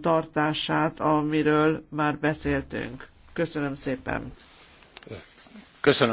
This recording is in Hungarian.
tartását, amiről már beszéltünk. Köszönöm szépen. Köszönöm.